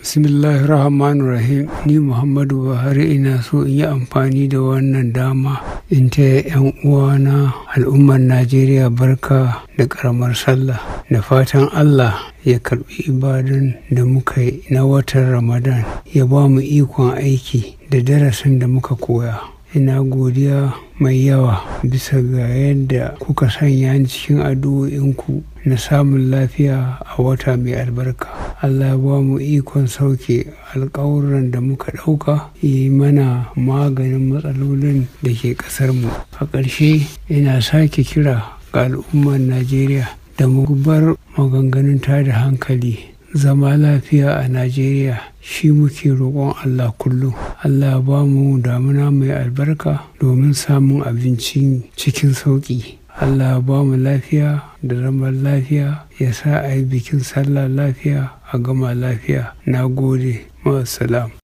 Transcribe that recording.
bismillahir rahmanir rahim ni muhammadu buhari ina so in yi amfani da wannan dama in ta yan uwana al'ummar najeriya barka da karamar sallah da fatan allah ya karbi ibadan da muka yi na watan ramadan ya ba mu ikon aiki da darasin da muka koya ina godiya mai yawa bisa ga yadda kuka sanya ni cikin addu'o'inku na samun lafiya a wata mai albarka allah ba mu ikon sauke alkawuran da muka ɗauka yi mana maganin matsalolin da ke ƙasarmu a ƙarshe ina sake kira ga al'ummar najeriya da mu bar maganganun tada hankali zama lafiya a Najeriya shi muke roƙon Allah kullum. Allah ba mu damuna mai albarka domin samun abinci cikin sauƙi. Allah ba mu lafiya da zaman lafiya ya sa a yi bikin sallah lafiya a gama lafiya. Na gode, ma'asalam.